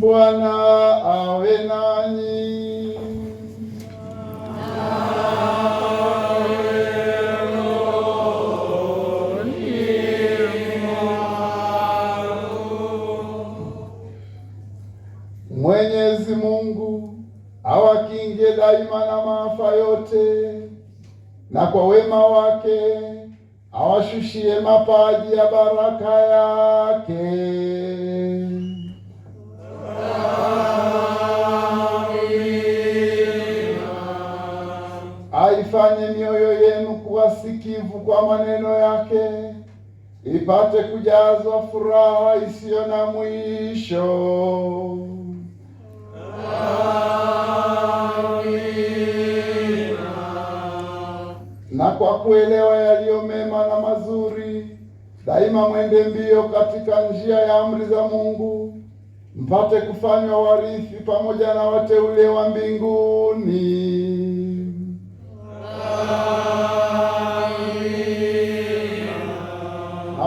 Bwana awe nanyi. Mwenyezi Mungu awakinge daima na maafa yote, na kwa wema wake awashushie mapaji ya baraka yake. aifanye mioyo yenu kuwa sikivu kwa maneno yake, ipate kujazwa furaha isiyo na mwisho. Amina. Na kwa kuelewa yaliyo mema na mazuri, daima mwende mbio katika njia ya amri za Mungu, mpate kufanywa warithi pamoja na wateule wa mbinguni.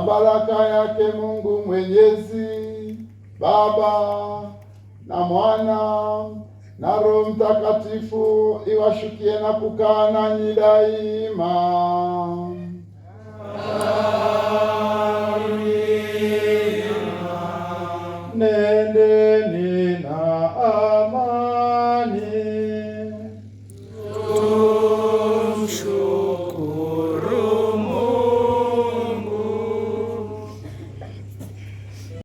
baraka yake Mungu Mwenyezi, Baba na Mwana na Roho Mtakatifu iwashukie na kukaa nanyi daima. Nendeni na amani.